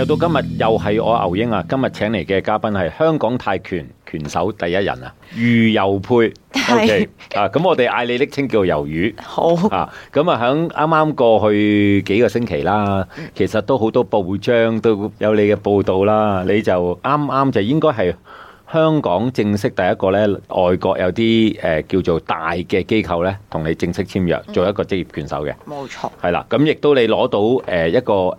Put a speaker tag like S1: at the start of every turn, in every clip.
S1: 又到今日又係我牛英啊！今日請嚟嘅嘉賓係香港泰拳拳手第一人啊，庾滺珮。係啊，咁我哋嗌你昵稱叫魷魚。好啊，咁啊，響啱啱過去幾個星期啦，其實都好多報章都有你嘅報道啦。你就啱啱就應該係香港正式第一個呢，外國有啲誒叫做大嘅機構呢，同你正式簽約做一個職業拳手嘅。冇錯。係啦，咁亦都你攞到誒一個。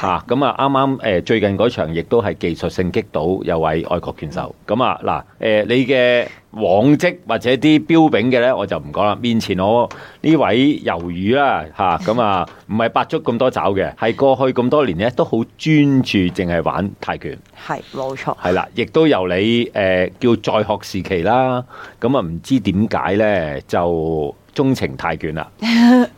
S1: 嚇咁啊！啱啱誒最近嗰場亦都係技術性擊倒有位外國拳手咁、嗯、啊嗱誒、呃，你嘅往績或者啲標炳嘅呢，我就唔講啦。面前我呢位魷魚啦嚇咁啊，唔係百足咁多爪嘅，係過去咁多年呢都好專注，淨係玩泰拳。
S2: 係冇錯。係
S1: 啦，亦都由你誒、呃、叫在學時期啦，咁啊唔知點解呢就。鍾情泰拳啦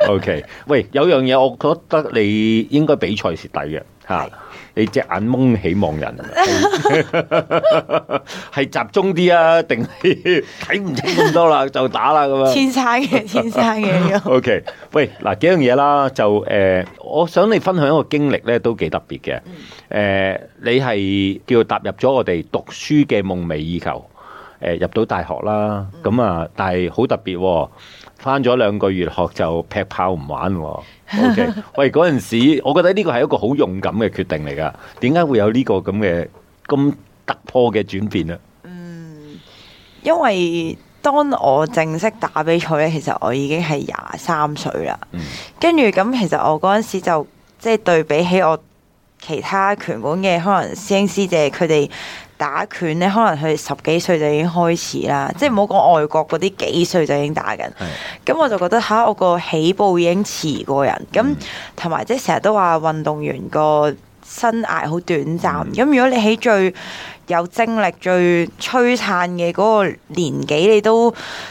S1: ，OK？喂，有樣嘢我覺得你應該比賽蝕底嘅，吓、啊、你隻眼蒙起望人，係、啊、 集中啲啊，定係睇唔清咁多、啊 okay. 啦，啦，就打啦咁樣？天
S2: 生嘅，天生嘅
S1: ，OK？喂，嗱幾樣嘢啦，就誒，我想你分享一個經歷咧，都幾特別嘅。誒、呃，你係叫踏入咗我哋讀書嘅夢寐以求。入到大學啦，咁啊、哦，但係好特別，翻咗兩個月學就劈炮唔玩、喎。 o、okay, 喂，嗰陣時我覺得呢個係一個好勇敢嘅決定嚟噶。點解會有呢個咁嘅咁突破嘅轉變咧？嗯，
S2: 因為當我正式打比賽咧，其實我已經係廿三歲啦。跟住咁，其實我嗰陣時就即係、就係、對比起我其他拳館嘅可能師兄師姐佢哋。打拳咧，可能佢哋十幾歲就已經開始啦，即係唔好講外國嗰啲幾歲就已經打緊。咁、 嗯、我就覺得嚇，我個起步已經遲過人。咁同埋即係成日都話運動員個生涯好短暫。咁如果你喺最有精力、最璀璨嘅嗰個年紀，你都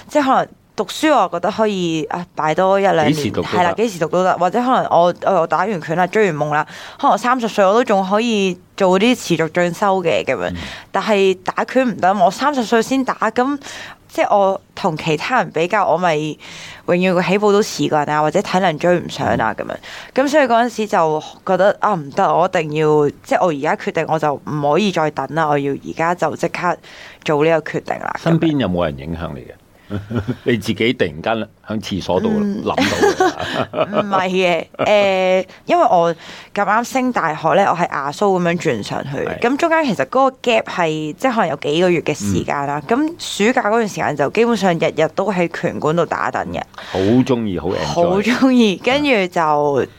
S2: 即係可能。讀書我覺得可以啊，擺多一兩年係啦，幾時讀都得，或者可能我我打完拳啦，追完夢啦，可能三十歲我都仲可以做啲持續進修嘅咁樣。嗯、但係打拳唔得，我三十歲先打，咁即係我同其他人比較，我咪永遠個起步都遲過人啊，或者體能追唔上啊咁樣。咁、嗯、所以嗰陣時就覺得啊唔得，我一定要即係我而家決定，我就唔可以再等啦，我要而家就即刻做呢個決定啦。身邊
S1: 有冇人影響你嘅？ 你自己突然間響廁所度諗到 ，
S2: 唔係嘅，誒，因為我咁啱升大學咧，我係亞蘇咁樣轉上去嘅，咁是的 中間其實嗰個 gap 係即係可能有幾個月嘅時間啦，咁、嗯、暑假嗰段時間就基本上日日都喺拳館度打等嘅，
S1: 好中意，好，好
S2: 中意，跟住就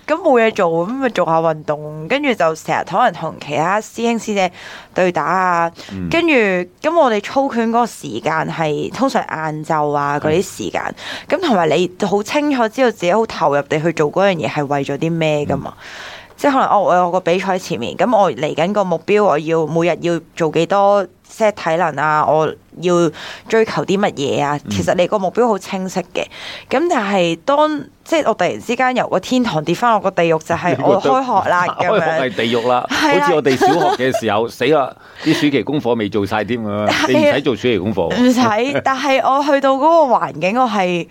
S2: 咁冇嘢做，咁咪做下運動，跟住就成日可能同其他師兄師姐對打啊，跟住咁、嗯、我哋操拳嗰個時間係通常晏晝。啊，嗰啲時間，咁同埋你好清楚知道自己好投入地去做嗰樣嘢，係為咗啲咩噶嘛？嗯即係可能我我有個比賽前面，咁我嚟緊個目標，我要每日要做幾多 set 體能啊？我要追求啲乜嘢啊？其實你個目標好清晰嘅，咁但係當即係我突然之間由個天堂跌翻落個地獄，就係、是、我開學啦，咁樣係
S1: 地獄啦，是的 好似我哋小學嘅時候 死啦，啲暑期功課未做晒添啊，你唔使做暑期功課，唔使的， 但
S2: 係我去到嗰個環境，我係。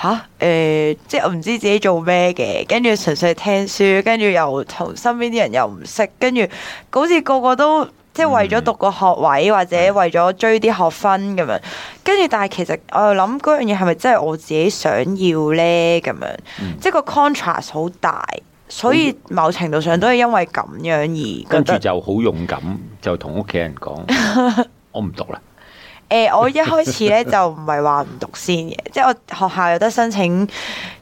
S2: 吓，誒、呃，即係我唔知自己做咩嘅，跟住純粹聽書，跟住又同身邊啲人又唔識，跟住好似個個都即係為咗讀個學位、嗯、或者為咗追啲學分咁樣，跟住但係其實我又諗嗰樣嘢係咪真係我自己想要呢？咁樣，嗯、即係個 contrast 好大，所以某程度上都係因為咁樣而跟住、嗯嗯嗯、就好
S1: 勇敢，就同屋企人講， 我唔讀啦。
S2: 誒、呃，我一開始咧就唔係話唔讀先嘅，即係我學校有得申請誒、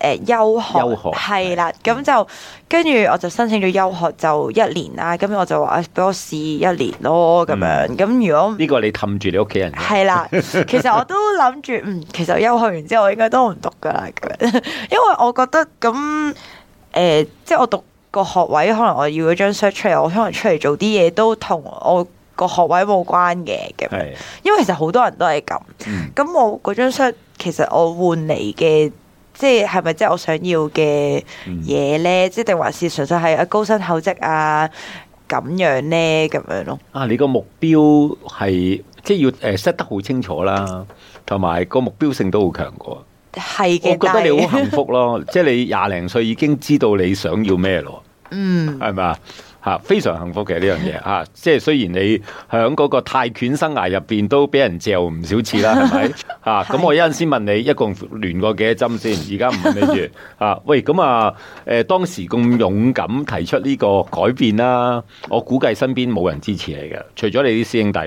S2: 呃、休學，係學啦，咁、嗯、就跟住我就申請咗休學就一年啦，咁我就話誒俾我試一年咯，咁、嗯、樣，咁如果呢個你氹住你屋企人，係啦，其實我都諗住， 嗯，其實休學完之後我應該，應該都唔讀噶啦，因為我覺得咁誒、呃，即係我讀個學位，可能我要嗰張 certificate，我可能出嚟做啲嘢都同我。個學位冇關嘅，咁，因為其實好多人都係咁。咁的我嗰張書，其實我換嚟嘅，即係係咪即係我想要嘅嘢咧？嗯、即係定還是純粹係啊高薪厚職啊咁樣咧？咁樣咯。啊，你個目標係即係要誒，set 得好清楚啦，
S1: 同埋個目標性都好強個。
S2: 係嘅的，我覺得你好幸
S1: 福咯， 即係你廿零歲已經知道你想要咩咯。
S2: 嗯，係
S1: 咪？啊，非常幸福嘅呢樣嘢啊！即係雖然你喺嗰個泰拳生涯入邊都俾人嚼唔少次啦，係咪、 啊？啊，咁我一陣先問你，一共練過幾多針先？而家唔問你住啊？喂，咁啊，誒當時咁勇敢提出呢個改變啦，我估計身邊冇人支持你嘅，除咗你啲師兄弟、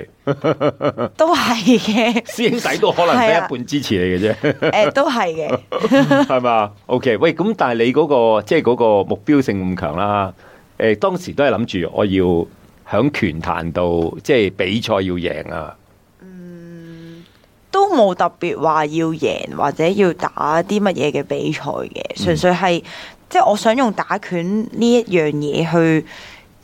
S1: 啊、
S2: 都係嘅，師兄弟都可能得一半
S1: 支持你嘅啫。誒、 啊，都係嘅，係 嘛？OK，喂、啊，咁但係你嗰個即係嗰個目標性咁強啦。誒，當時都係諗住我要響拳壇度，即係比賽要贏啊！嗯，
S2: 都冇特別話要贏或者要打啲乜嘢嘅比賽嘅，嗯、純粹係即係我想用打拳呢一樣嘢去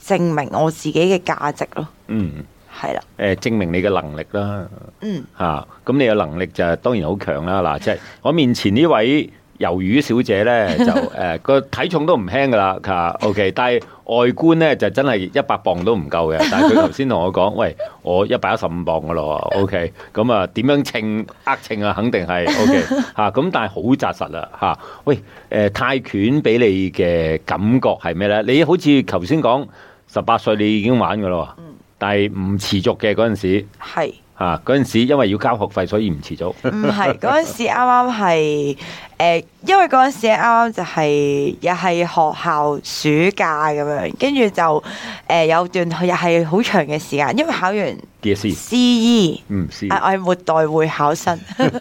S2: 證明我自己嘅價值咯。
S1: 嗯，係啦。誒、呃，證明你嘅能力啦。
S2: 嗯。
S1: 嚇、啊，咁你嘅能力就當然好強啦！嗱、啊，即、就、係、是、我面前呢位。魷魚小姐呢，就誒個、呃、體重都唔輕噶啦，嚇，OK，但係外觀呢，就真係一百磅都唔夠嘅。但係佢頭先同我講，喂，我一百一十五磅噶咯，OK，咁啊點樣稱？呃稱啊，肯定係 OK 嚇、啊。咁但係好紮實啦嚇、啊。喂，誒、呃、泰拳俾你嘅感覺係咩呢？你好似頭先講十八歲你已經玩噶啦，嗯，但係唔持續嘅嗰陣時，係。啊！嗰陣時因為要交學費，所以唔遲早。唔係嗰陣時
S2: 啱啱係誒，因為嗰陣時啱啱就係又係學校暑假咁樣，跟住就誒、呃、有段又係好長嘅時間，因為考完 C E 嗯，係我係末代會考生，跟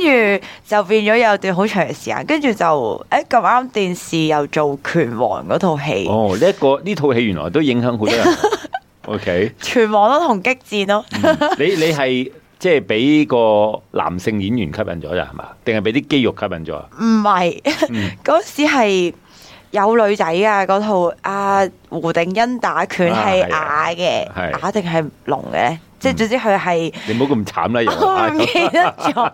S2: 住、嗯、 就變咗有段長、欸、好長嘅時間，跟住就誒咁啱電視又做拳王嗰套戲。哦，呢、這個呢套戲原來都影響好多人。 O.K. 全網都同激戰咯、嗯！你你係
S1: 即係俾個男性演員吸引咗咋係嘛？定係俾啲肌肉吸引咗啊？
S2: 唔係嗰時係有女仔噶嗰套啊，胡定欣打拳係啞嘅，啞定係聾嘅咧？即係總之佢係，你唔好咁慘啦！又唔記得咗，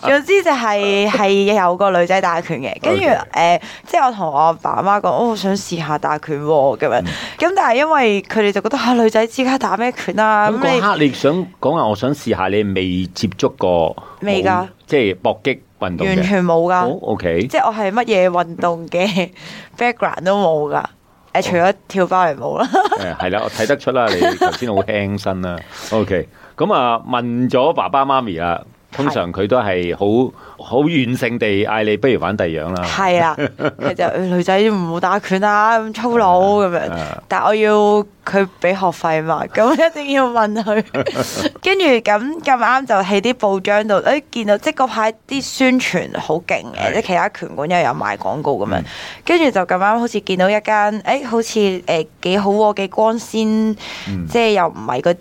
S2: 總之就係、是、係有個女仔打拳嘅，跟住誒，即係我同我阿爸阿媽講，哦，想試下打拳咁樣，咁、嗯、但係因為佢哋就覺得嚇女仔之家打咩拳啊咁。講、嗯嗯、
S1: 你想講啊？我想試下你未接觸過，未㗎的，即係、就是、搏擊運動，完全冇㗎。O、oh, K，okay. 即
S2: 係我係乜嘢運動嘅 background 都冇㗎。除咗跳芭蕾舞啦，
S1: 係啦，我睇得出啦，你頭先好輕身啦。OK，咁、嗯、啊，問咗爸爸媽咪啦。通常佢都係好好軟性地嗌你，不如玩第二樣啦、啊。係啦，其、
S2: 哎、實女仔唔好打拳啊，咁粗魯咁樣。啊啊、但我要佢俾學費嘛，咁一定要問佢。跟住咁咁啱就喺啲報章度，哎，見到即嗰排啲宣傳好勁嘅，是即其他拳館又有賣廣告咁樣。跟住、嗯、就咁啱，好似見到一間，哎，好似誒幾好喎，幾光鮮、嗯，即又唔係嗰啲，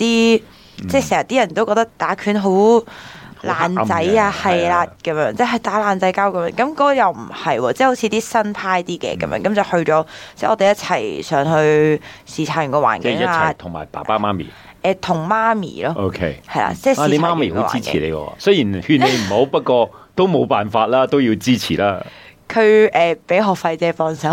S2: 即成日啲人都覺得打拳好爛仔啊，係啦，咁樣即係打爛仔交咁樣，咁嗰個又唔係喎，即係好似啲新派啲嘅咁樣，咁就去咗，即係我哋一齊上去視察完個環境啊，同埋爸爸媽咪，誒，同媽咪咯，OK，係啦，即係。啊，你媽咪好支持你喎，雖
S1: 然勸你唔好，不過都冇辦法啦，都要支持啦。
S2: 佢誒，俾學費姐幫手，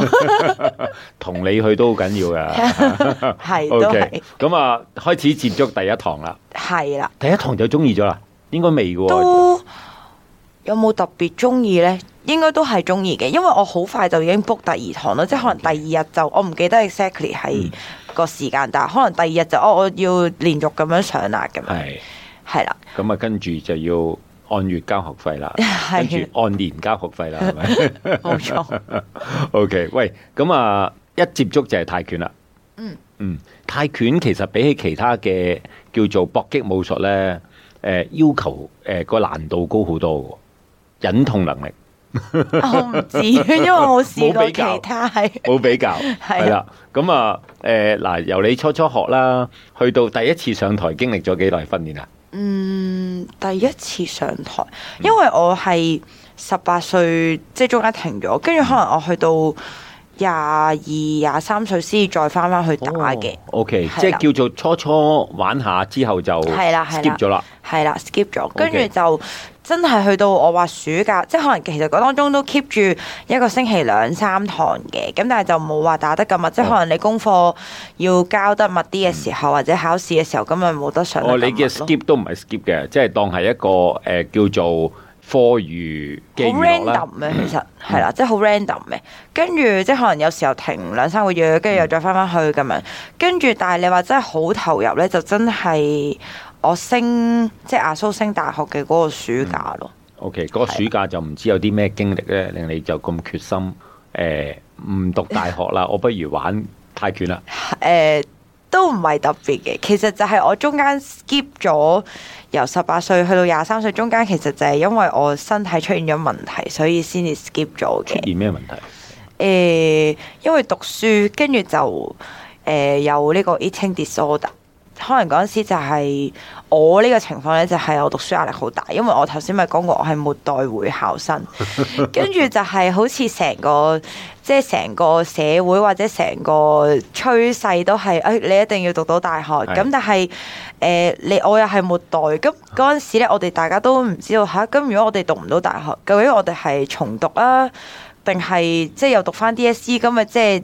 S1: 同你去都好緊要噶，係都係。咁啊，開始接觸第一堂啦，係啦，第一堂就中意咗啦。應該未嘅喎，都
S2: 有冇特別中意呢？應該都係中意嘅，因為我好快就已經 book 第二堂啦，即係可能第二日就 Okay. 我唔記得 exactly 係個時間，嗯、但可能第二日就哦，我要連續咁樣上樣是啦，咁係係啦。
S1: 咁啊，跟住就要按月交學費啦，是跟住按年交學費啦，係咪？冇 錯。 OK，喂，咁啊，一接觸就係泰拳啦。嗯嗯、嗯，泰拳其實比起其他嘅叫做搏擊武術呢。呢 誒、呃，要求誒個、呃、難度高好多嘅，忍痛能力。
S2: 啊、我唔知，因為我試過其他
S1: 冇比較係啦，咁 是啊，誒嗱，由你初初學啦，去到第一次上台，經歷咗幾耐訓練啊？嗯，
S2: 第一次上台，因為我係十八歲，即係中間停咗，跟住可能我去到。廿二、廿三歲先再返返去打嘅
S1: ，OK，即係叫做初初玩下之後就 skip 咗啦，
S2: 係啦 skip 咗，Okay. 跟住就真係去到我話暑假，即係可能其實嗰當中都 keep 住一個星期兩三堂嘅，咁但係就冇話打得咁密，oh. 即係可能你功課要交得密啲嘅時候，oh. 或者考試嘅時候咁咪冇得上得。哦，oh, 你
S1: 嘅 skip 都唔係 skip 嘅，即係當係一個誒、呃、叫做。課餘
S2: 嘅好 random 咧、啊，其實係啦、 就是啊，即係好 random 嘅，跟住即係可能有時候停兩三個月，跟住又再返返去咁樣，跟住但係你話真係好投入咧，就真係我升即係、就是、阿蘇升大學嘅嗰個暑假咯。OK，
S1: 嗰個暑假就唔知有啲咩經歷咧，的令你就咁決心
S2: 誒唔、呃、讀大學啦，我不如玩泰拳啦。誒。 呃都唔係特別嘅，其實就係我中間 skip 咗由十八歲去到廿三歲中間，其實就係因為我身體出現咗問題，所以先至 skip 咗嘅。出現咩問題？誒、欸，因為讀書跟住就誒、欸、有呢個 eating disorder。可能嗰陣時就係我呢個情況咧，就係我讀書壓力好大，因為我頭先咪講過我係末代會考生，跟住就係好似成個即係成個社會或者成個趨勢都係誒、哎、你一定要讀到大學，咁但係誒、呃、你我又係末代，咁嗰陣時咧我哋大家都唔知道吓，咁、啊、如果我哋讀唔到大學，究竟我哋係重讀啊，定係即係又讀翻 DSE 咁啊即係。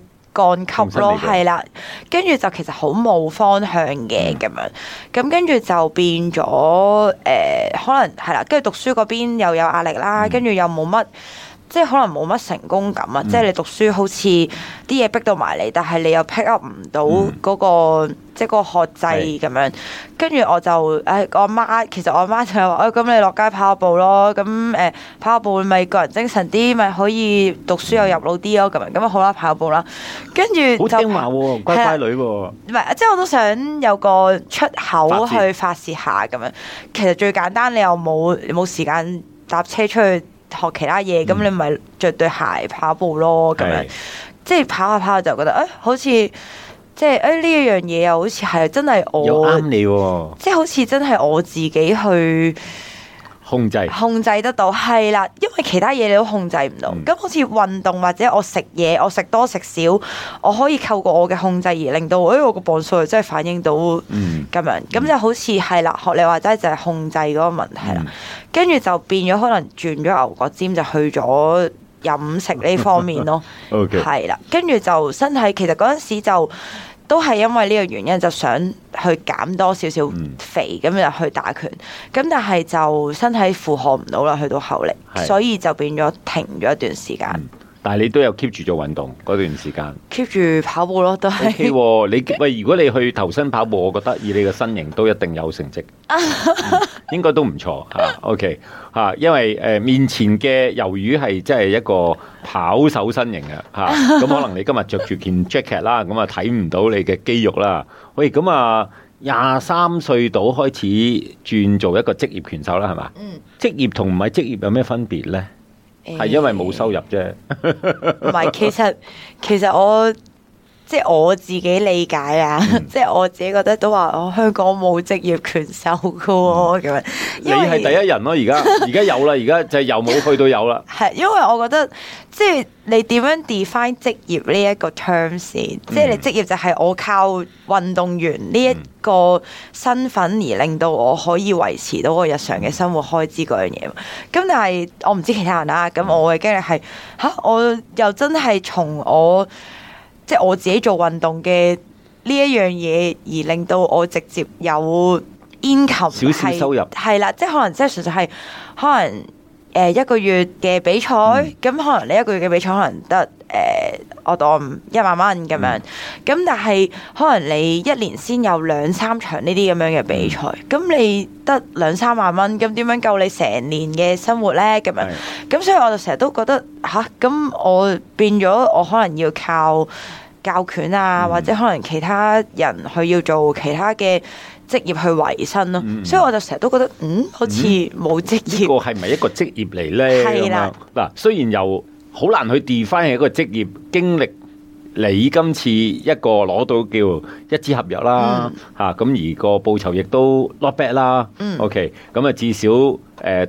S2: 降級咯，係啦，跟住就其實好冇方向嘅咁、嗯、樣，咁跟住就變咗誒、呃，可能係啦，跟住讀書嗰邊又有壓力啦，跟住、嗯、又冇乜。即係可能冇乜成功感啊！嗯、即係你讀書好似啲嘢逼到埋嚟，但係你又 pick up 唔到嗰個、嗯、即係個學制咁樣。跟住的我就誒、哎，我媽其實我媽就係話，誒、哎、咁你落街跑下步咯。咁、嗯、誒跑下步咪個人精神啲，咪可以讀書又入腦啲咯。咁、嗯、樣咁啊好啦，跑下步啦。跟住好聽話、啊，的乖乖女喎、啊。唔係，即係我都想有個出口去發泄下咁樣。其實最簡單你，你又冇冇時間搭車出去。學其他嘢，咁、嗯、你咪着對鞋跑步咯，咁是 樣即係跑下跑下就覺得誒、哎、好似即係誒呢一樣嘢又好似係真係我、哦、即係好似真係我自己去。控制控制得到，係啦，因為其他嘢你都控制唔到，咁、嗯、好似運動或者我食嘢，我食多食少，我可以透過我嘅控制，而令到誒、哎、我個磅數真係反映到咁樣，咁、嗯、就好似係啦，學你話齋就係控制嗰個問題啦，跟住、嗯、就變咗可能轉咗牛角尖，就去咗飲食呢方面咯，係啦 okay.，跟住就身體其實嗰陣時就。都係因為呢個原因就想去減多少少肥，咁就、嗯、去打拳，咁但係就身體負荷唔到啦，去到後嚟，是的 所以就變咗停咗一段時間。嗯。
S1: 但係你都有 keep 住做運動嗰段時間
S2: ，keep 住跑步咯，都係、okay
S1: 哦。你喂，如果你去投身跑步，我覺得以你嘅身形都一定有成績、 嗯，應該都唔錯吓。O K 吓，因為誒、呃、面前嘅魷魚係即係一個跑手身形嘅，吓、啊、咁、嗯、 可能你今日着住件 jacket 啦，咁啊睇唔到你嘅肌肉啦。喂，咁啊廿三歲到開始轉做一個職業拳手啦，係嘛？嗯。職業同唔係職業有咩分別咧？係因為冇收入啫，唔係。其實，
S2: 其實我。即係我自己理解啊！嗯、即係我自己覺得都話我香港冇職業拳手嘅喎咁，嗯、因為你係第一人咯、啊！而家而家
S1: 有啦，而家就又冇去到有啦。
S2: 係因為我覺得即係你點樣 define 職業呢一個 term 先、嗯？即係你職業就係我靠運動員呢一個身份而令到我可以維持到我日常嘅生活、嗯、開支嗰樣嘢。咁但係我唔知其他人啦、啊。咁我嘅經歷係嚇，我又真係從我。即係我自己做運動嘅呢一樣嘢，而令到我直接有 income 係收入，係啦，即係可能即係純粹係可能誒、呃、一個月嘅比賽，咁、嗯、可能你一個月嘅比賽可能得誒。呃我當一萬蚊咁樣，咁、嗯、但係可能你一年先有兩三場呢啲咁樣嘅比賽，咁、嗯、你得兩三萬蚊，咁點樣夠你成年嘅生活呢？咁樣，咁是所以我就成日都覺得吓，咁、啊、我變咗我可能要靠教拳啊，嗯、或者可能其他人去要做其他嘅職業去維生咯、啊。嗯、所以我就成日都覺得，嗯，好似冇職業，呢、嗯，
S1: 這個係咪一個職業嚟呢？係啦的，嗱，雖然有。好難去 define 一個職業經歷。你今次一個攞到叫一紙合約啦，嚇咁而個報酬亦都 not bad 啦。嗯，OK，咁啊至少誒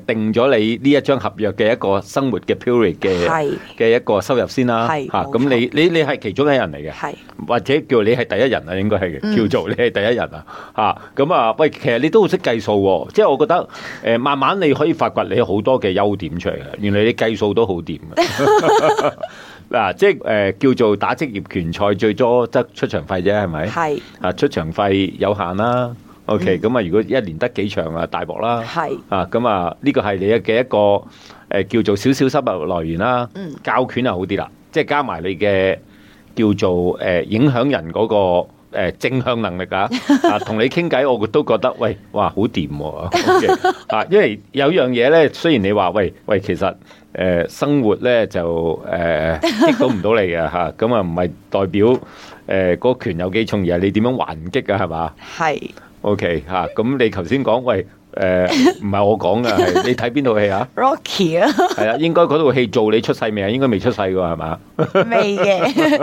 S1: 定咗你呢一張合約嘅一個生活嘅 period 嘅嘅一個收入先啦。嚇，咁你你你係其中一人嚟嘅，或者叫你係第一人啊，應該係叫做你係第一人啊。嚇，咁啊喂，其實你都好識計數喎，即係我覺得誒慢慢你可以發掘你好多嘅優點出嚟嘅，原來你計數都好掂。嗱，即係誒，叫做打職業拳賽，最多得出場費啫，係咪？係。啊，出場費有限啦。OK，咁啊，如果一年得幾場啊，大鑊啦。係。啊，咁啊，呢個係你嘅一個誒，叫做少少收入來源啦。嗯。教拳又好啲啦，即係加埋你嘅叫做誒影響人嗰個誒正向能力啊。啊，同你傾偈，我都覺得喂，哇，好掂。啊，因為有樣嘢咧，雖然你話喂喂，其實。誒，生活咧就誒，激到唔到你嘅吓，咁啊唔係代表誒嗰拳有幾重，而係你點樣還擊啊，係嘛？係。O K 吓，咁你頭先講，喂，誒，唔係我講嘅，係你睇邊套戲啊
S2: ？Rocky 啊？
S1: 係啊，應該嗰套戲做你出世未啊？應該未出世嘅係嘛？
S2: 未嘅。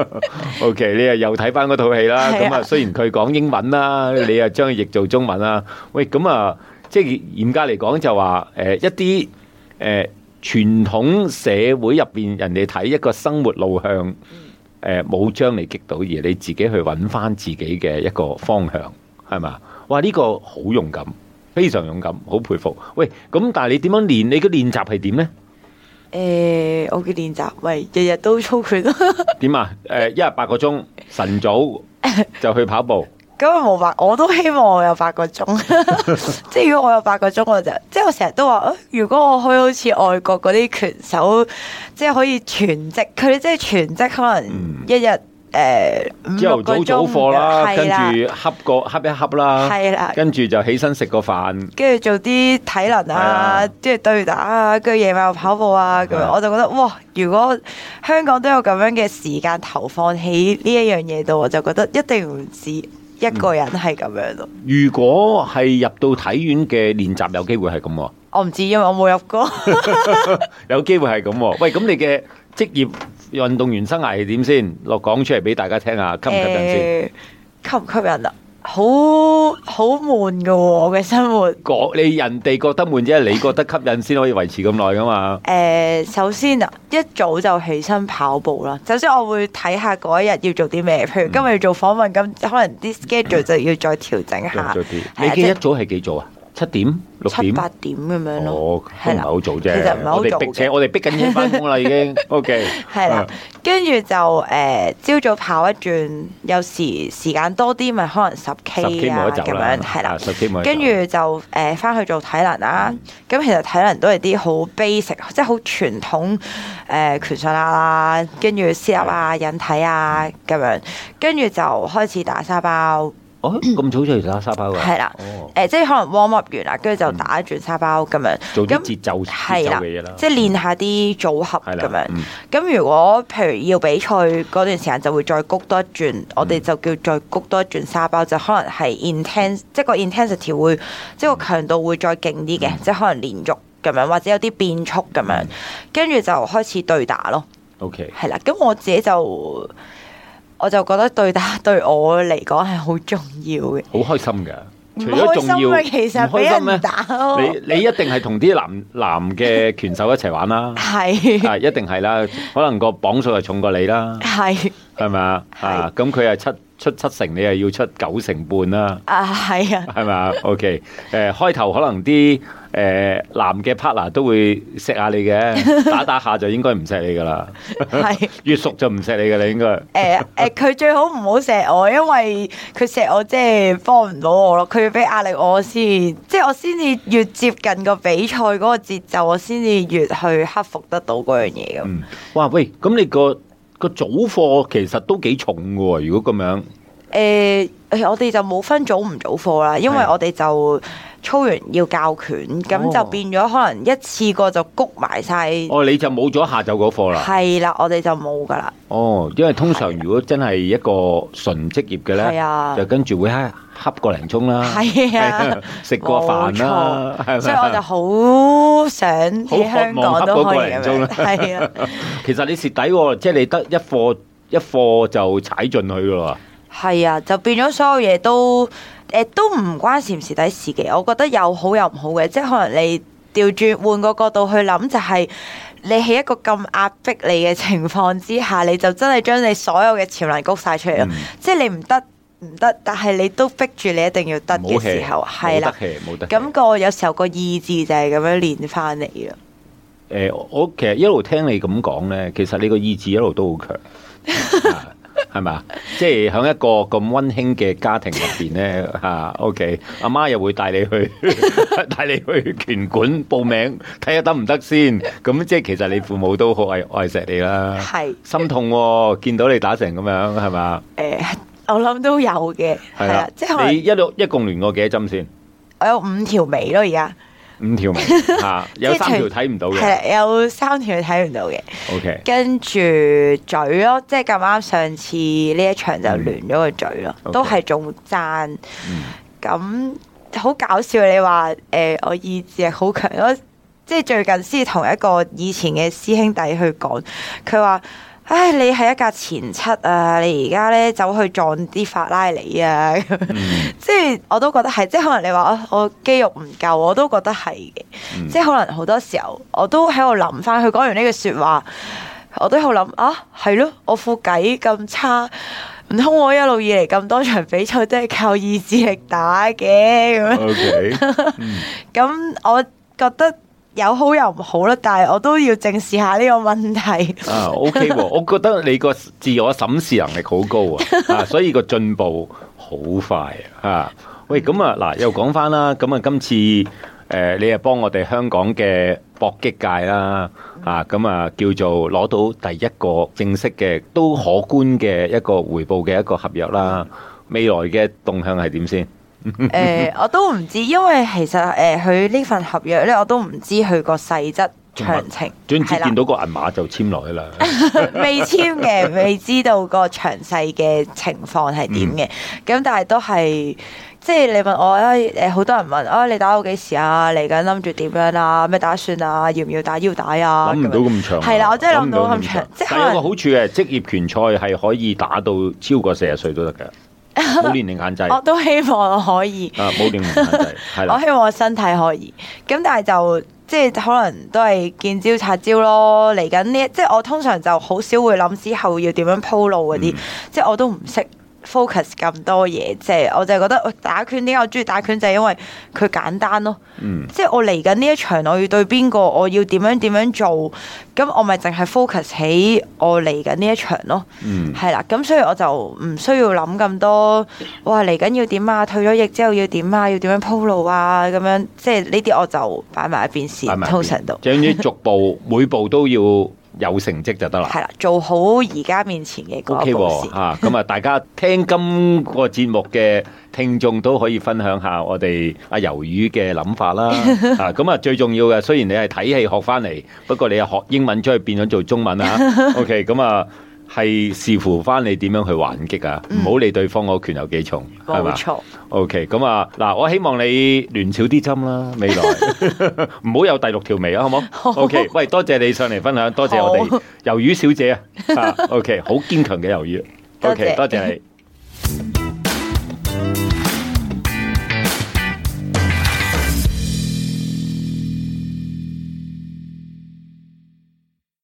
S1: O K，你啊又睇翻嗰套戲啦。咁啊，雖然佢講英文啦，你啊將佢譯做中文啦。喂，咁啊，即係嚴格嚟講就話，誒，一啲誒。傳統社會入邊，人哋睇一個生活路向，冇、呃、將你擊倒，而你自己去揾翻自己嘅一個方向，係咪？哇，呢、這個好勇敢，非常勇敢，好佩服。喂，咁但係你點樣練？你嘅練習係點呢？
S2: 誒、呃，我嘅練習，喂，日日都操拳咯。
S1: 點 啊？誒、呃，一日八個鐘，晨早就去跑步。
S2: 咁冇法，我都希望我有八個鐘。 即係如果我有八個鐘，我就即係我成日都話，如果我去好似外國嗰啲拳手，即係可以全職，佢哋即係全職可能一日誒、嗯、五六個鐘。朝頭早早課啦，跟住
S1: 恰個恰一恰啦，係啦，啦跟住就起身食個飯，
S2: 跟住做啲體能啊，跟住、啊、對打啊，跟住夜晚又跑步啊。咁、啊、我就覺得，哇！如果香港都有咁樣嘅時間投放喺呢一樣嘢度，我就覺得一定唔止。一個人係咁樣咯。
S1: 如果係入到體院嘅練習，有機會係咁，我
S2: 唔知，因為我冇入過。有機會
S1: 係咁。喂，咁你嘅職業運動員生涯係點先？落講出嚟俾大家聽下，吸唔吸引先？吸唔吸引啊？好
S2: 好悶、哦、我嘅生活，
S1: 覺你人哋覺得悶，即係你覺得吸引先可以維持咁耐噶嘛？
S2: 誒、 呃，首先啊，一早就起身跑步啦。首先我會睇下嗰一日要做啲咩，譬如今日要做訪問，咁、嗯、可能啲 schedule 就要再調整下。你記得一早係幾早啊？七點、六點、八點咁樣咯，係唔
S1: 係好早啫？我哋逼車，我哋逼緊要翻
S2: 工啦，已經。OK，係啦，跟住就誒，朝早跑一轉，有時時間多啲，咪可能十 K 啊咁樣。係啦，十 K 冇得走啦。跟住就誒，翻去做體能啦。咁其實體能都係啲好 basic，即係好傳統誒，拳術啦，跟住 sit up 啊、引體啊咁樣，跟住就開始打沙包。哦，咁早就打沙包噶？係啦，誒，即係可能 warm up 完啦，跟住就打一轉沙包咁樣。做啲節奏節奏嘅嘢啦，即係練下啲組合咁樣。咁如果譬如要比賽嗰段時間，就會再谷多一轉，我哋就叫再谷多一轉沙包，就可能係 intense，即係個 intensity 會，即係個強度會再勁啲嘅，即係可能連續咁樣，或者有啲變速咁樣，跟住就開始對打咯。OK。係啦，咁我自己就。我就覺得對打對我嚟講係好重要嘅，好開心㗎，好開心其實俾人打 你你一定係同啲男
S1: 男嘅拳手一齊玩啦，係 是啊，一定係啦，可能個磅數係重過你啦，係係咪啊？啊，咁佢係七。出七成，你又要出九成半啦。
S2: 啊，係啊，
S1: 係咪，OK。誒，開頭可能啲誒男嘅 partner 都會錫下你嘅，打打下就應該唔錫你噶啦。係，越熟就唔錫你噶啦，應該。
S2: 誒誒，佢最好唔好錫我，因為佢錫我即係幫唔到我咯。佢要俾壓力我先，即係我先至越接近個比賽嗰個節奏，我先至越去克服得到嗰樣嘢咁。哇喂，咁你個？個
S1: 早課其實都幾重嘅喎，如果咁樣。
S2: 誒，我哋就冇分早唔早課啦，因為我哋就操完要教拳，咁就變咗可能一次過就谷埋晒。
S1: 哦，你就冇咗下晝嗰課啦？係
S2: 啦，我哋就冇噶啦。
S1: 哦，因為通常如果真係一個純職業嘅，咧，係啊，就跟住會喺。恰個零鐘啦，係啊，食過飯啦，錯吧所以我就
S2: 好想喺香港都可以啊，
S1: 其實你蝕底喎，即、就、係、是、你得一課一課就踩進去㗎喇。
S2: 係啊，就變咗所有嘢都誒、呃、都唔關蝕唔蝕底事嘅。我覺得有好有唔好嘅，即係可能你調轉換個角度去諗，就係、是、你喺一個咁壓迫你嘅情況之下，你就真係將你所有嘅潛能谷晒出嚟咯。即係、嗯、你唔得。唔得，但係你都逼住你一定要得嘅時候，係啦。冇得氣，冇得。咁個有時候個意志就係咁樣練翻嚟嘅。
S1: 誒，我其實一路聽你咁講咧，其實你個意志一路都好強，係咪？即係響一個咁溫馨嘅家庭入邊咧，啊，OK，阿媽又會帶你去，帶你去拳館報名睇下得唔得先。咁即係其實你父母都好愛愛錫你啦，係心痛見到你打成咁樣，係咪？
S2: 誒。我諗都有嘅，係啊，即係你一
S1: 路一共縫過幾多針先？
S2: 我有五條尾咯，而家
S1: 五條尾吓，有三條睇唔到嘅，係
S2: 有三條睇唔到嘅。O Okay . K，跟住嘴咯，即係咁啱上次呢一場就縫咗個嘴咯，Okay. 都係仲讚。咁好、嗯、搞笑，你話誒、呃，我意志好強咯，即係最近先同一個以前嘅師兄弟去講，佢話。唉，你係一架錢七啊！你而家咧走去撞啲法拉利啊！ mm. 即係我都覺得係，即係可能你話我我肌肉唔夠，我都覺得係嘅。Mm. 即係可能好多時候我都喺度諗翻，佢講完呢句說話，我都喺度諗啊，係咯，我副腳咁差，唔通我一路以嚟咁多場比賽都係靠意志力打嘅咁樣。咁 Okay .、mm. 嗯、我覺得。.有好有唔好啦，但係我都要正視下呢個問題。
S1: 啊，OK 啊，我覺得你個自我審視能力好高啊， 啊，所以個進步好快啊，啊。喂，咁啊嗱，又講翻啦，咁啊今次誒，你係幫我哋香港嘅搏擊界啦，啊，咁、呃、啊，啊，啊叫做攞到第一個正式嘅都可觀嘅一個回報嘅一個合約啦、啊。未來嘅動向係點先？誒、 呃，
S2: 我都唔知，因為其實誒，佢、呃、呢份合約咧，我都唔知佢個細則詳情，總之，見到
S1: 個銀碼就簽落去啦，
S2: 未簽嘅，未知道個詳細嘅情況係點嘅，咁、嗯、但係都係，即係你問我咧，誒，好多人問，哦、啊，你打到幾時啊？嚟緊諗住點樣啊？咩打算啊？要唔要打腰帶啊？諗唔到
S1: 咁長、啊，係啦， 我真係唔諗到咁長。即係個好處係職業拳賽係可以打到超過四十歲都得嘅。冇年齡限制， 我
S2: 都希望我可以。啊，冇年齡限制，係啦。 我希望我身體可以，咁但係就即係可能都係見招拆招咯。嚟緊呢，即係我通常就好少會諗之後要點樣鋪路嗰啲，嗯、即係我都唔識。focus 咁多嘢，即係我就係覺得，哎、打拳點解我中意打拳就係因為佢簡單咯。嗯，即係我嚟緊呢一場，我要對邊個，我要點樣點樣做，咁我咪淨係 focus 喺我嚟緊呢一場咯。嗯，係啦，咁所以我就唔需要諗咁多，哇嚟緊要點啊，退咗役之後要點啊，要點樣鋪路啊，咁樣，即係呢啲我就擺埋一邊先，邊通常
S1: 度，即係啲逐步 每步都要。有成績就得啦，係啦，
S2: 做好而家面前嘅工作事嚇。咁、
S1: okay、啊，啊，大家聽今個節目嘅聽眾都可以分享下我哋阿魷魚嘅諗法啦。啊，咁啊，最重要嘅，雖然你係睇戲學翻嚟，不過你啊學英文出去變咗做中文啊。 OK，咁啊。係視乎翻你點樣去還擊啊！唔好、嗯、理對方個拳有幾重，係嘛錯？OK，咁啊，嗱，我希望你聯少啲針啦，未來唔好 有第六條眉啊，好冇 ？OK，喂，多謝你上嚟分享，多謝 我哋魷魚小姐 啊！OK，好堅強嘅魷魚
S2: ，OK，多謝你。